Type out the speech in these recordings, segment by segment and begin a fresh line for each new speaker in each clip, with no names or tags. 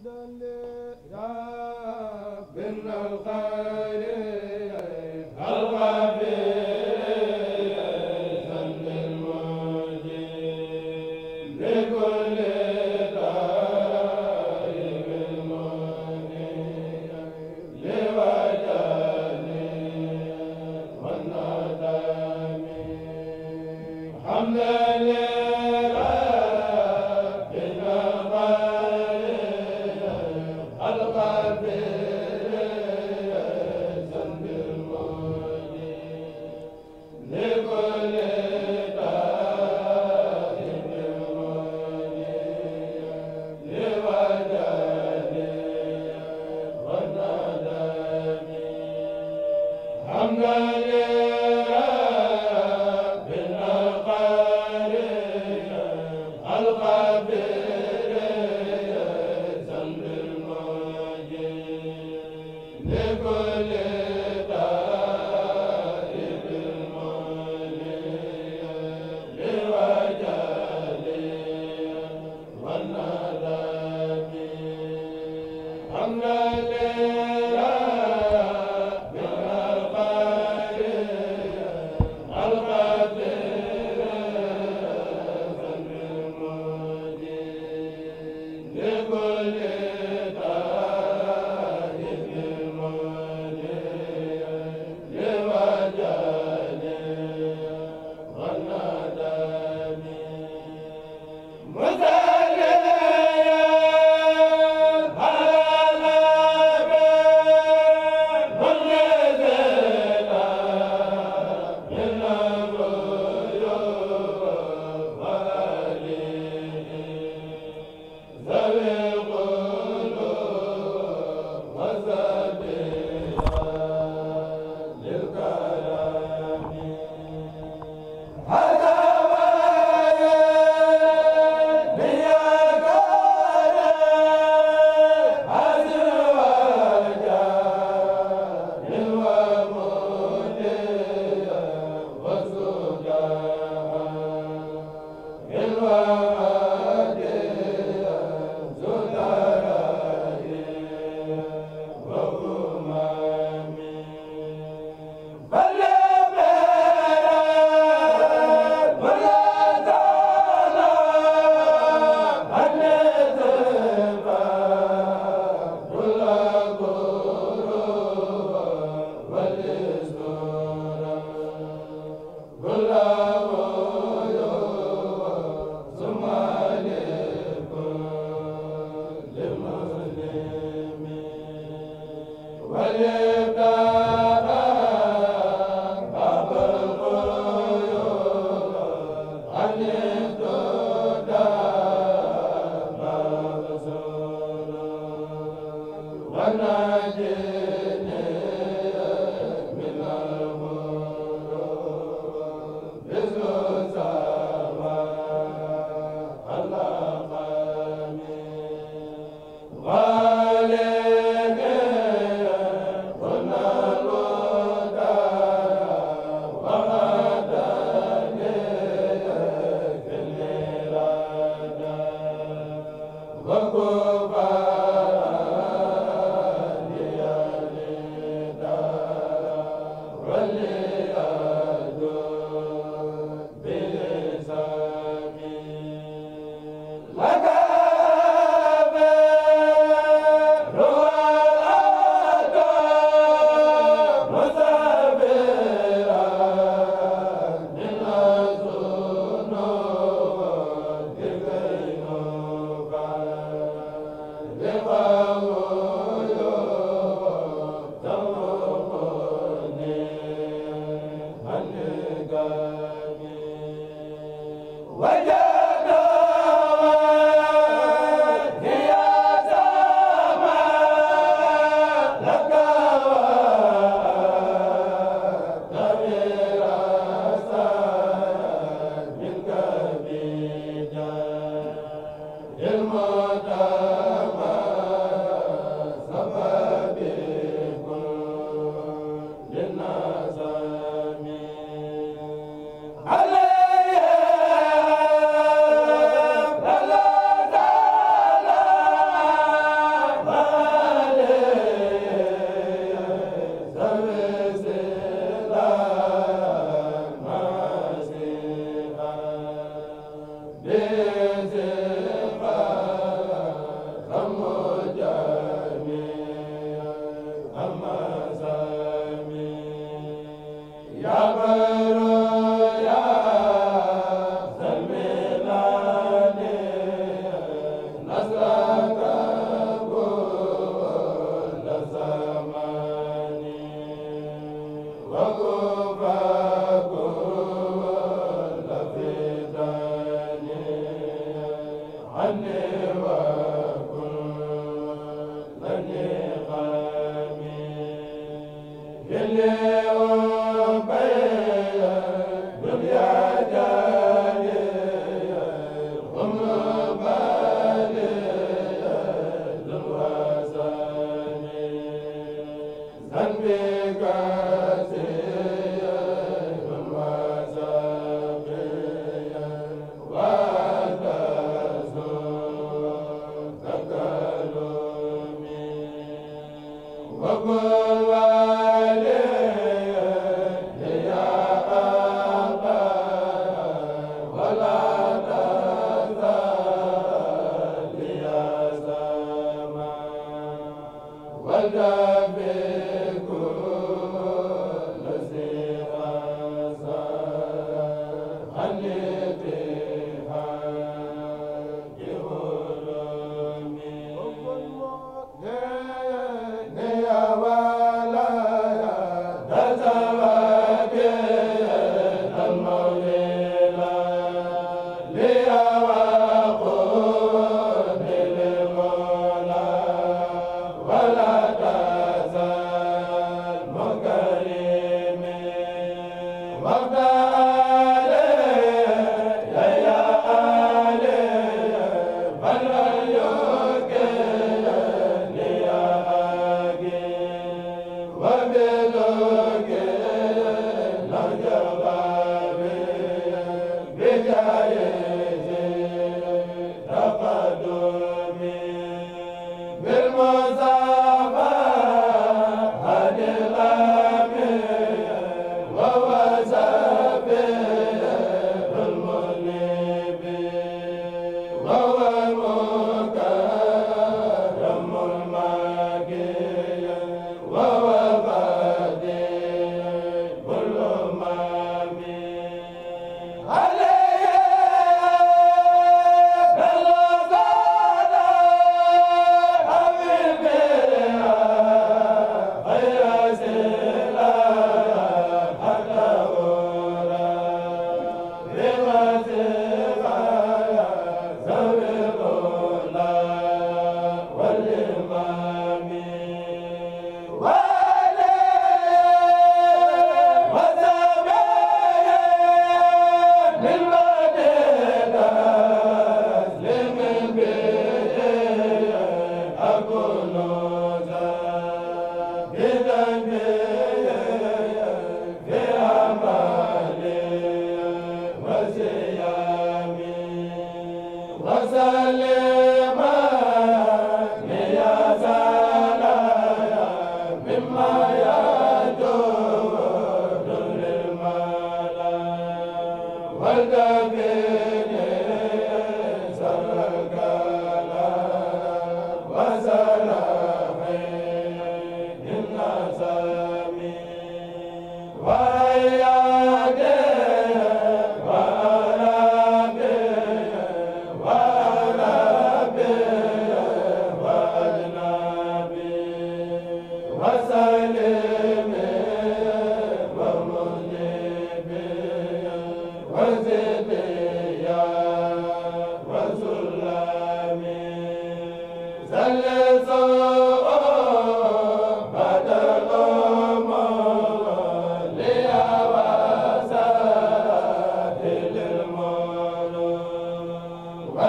الحمد لله رب الخلق lépp wa yaa wal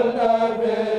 al-abid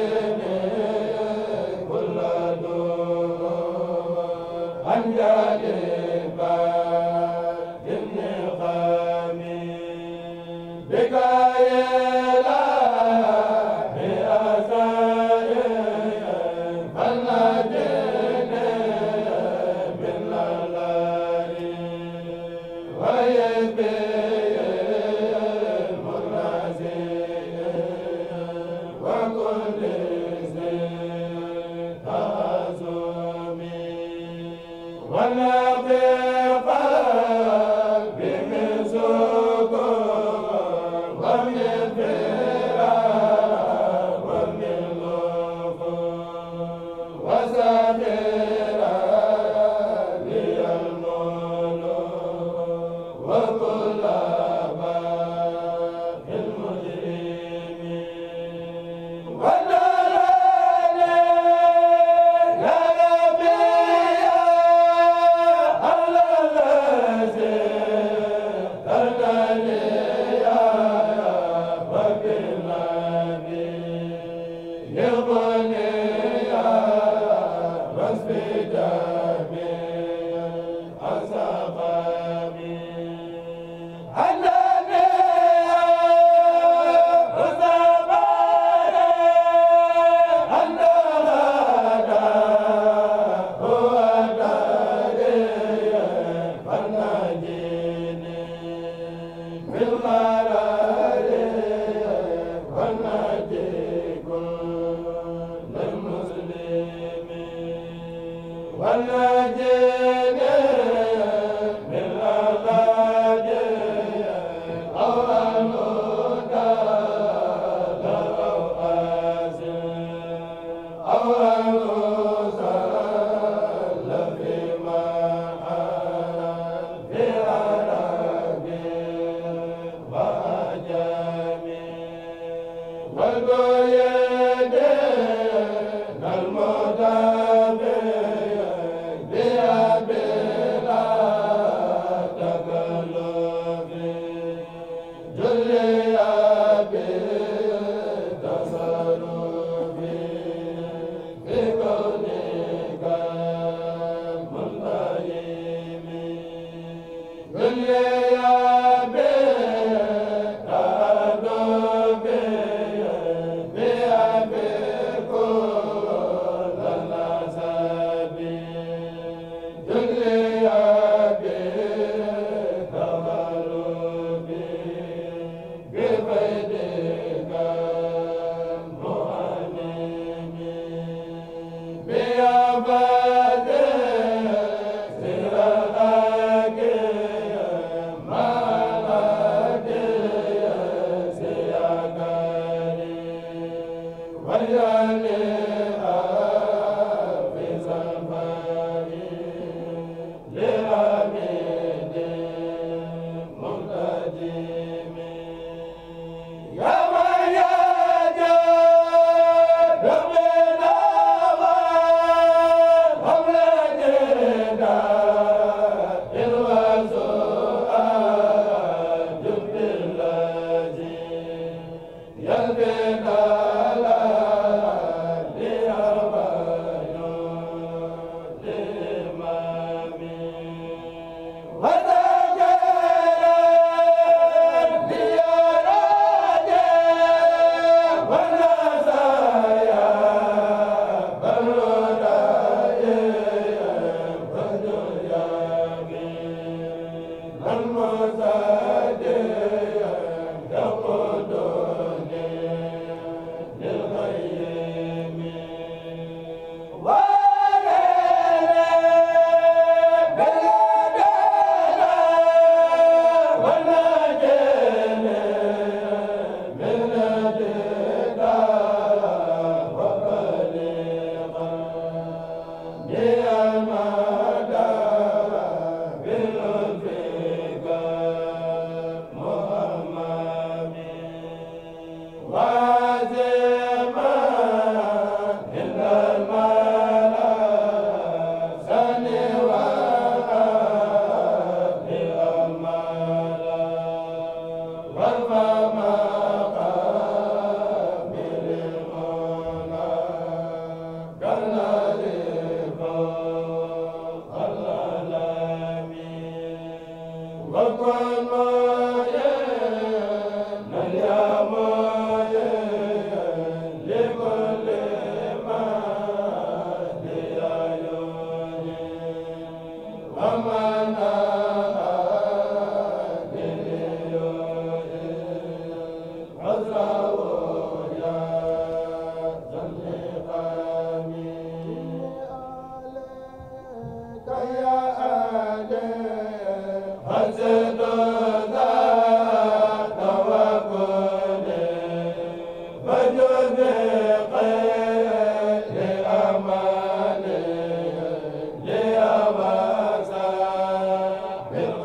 wa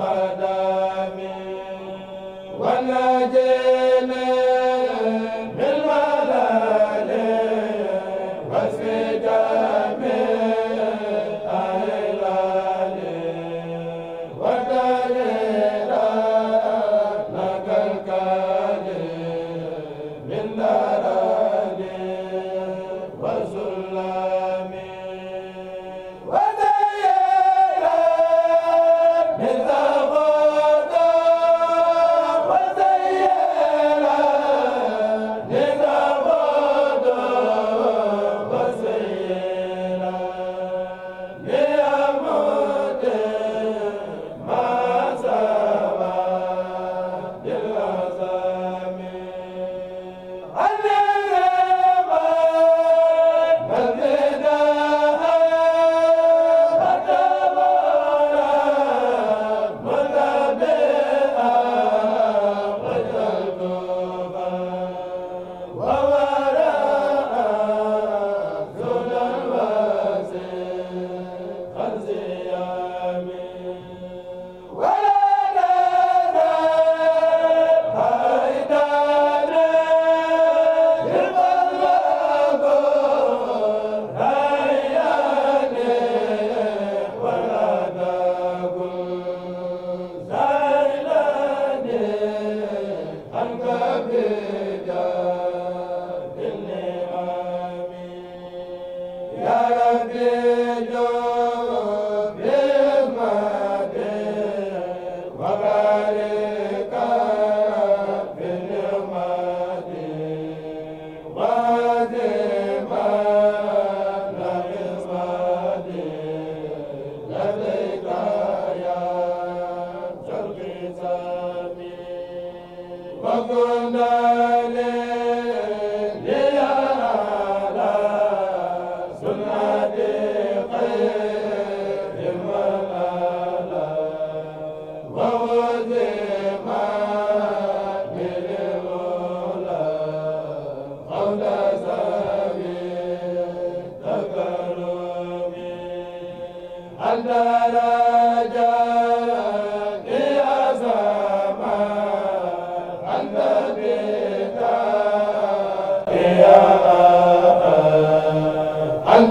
قدم ونادي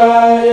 la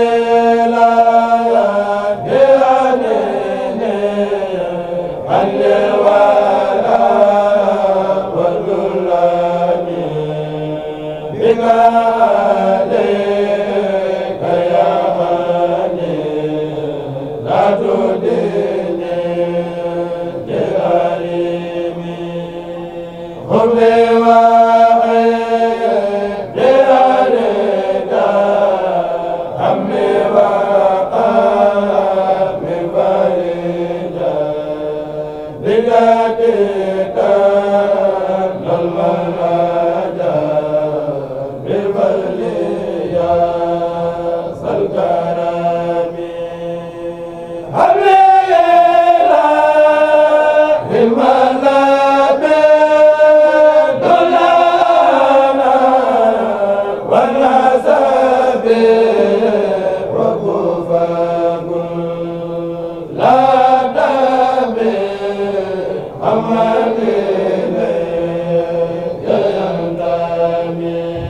Amen.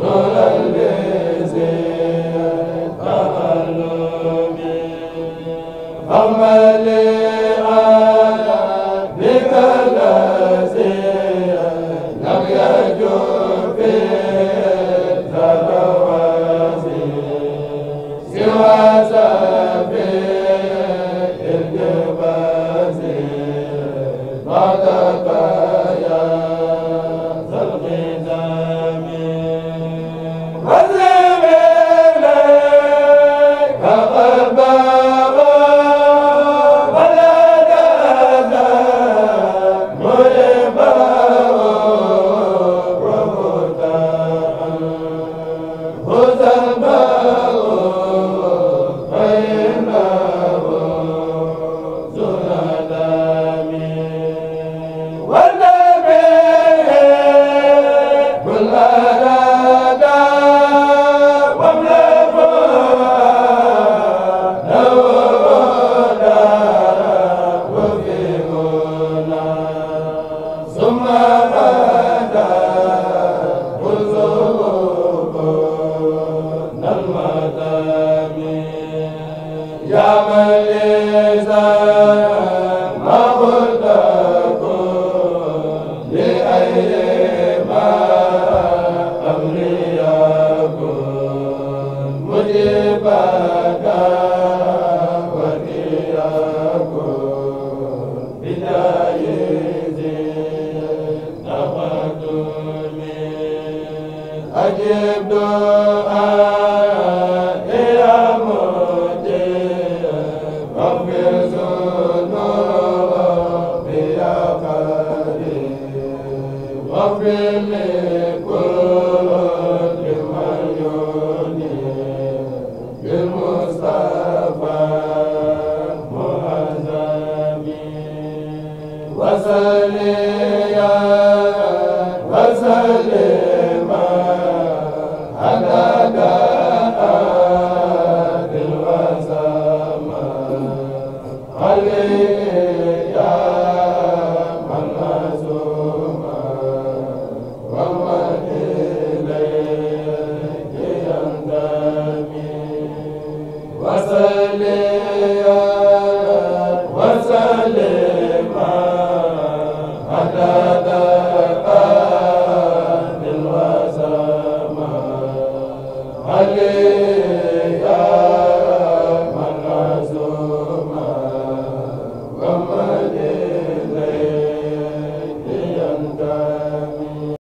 waaw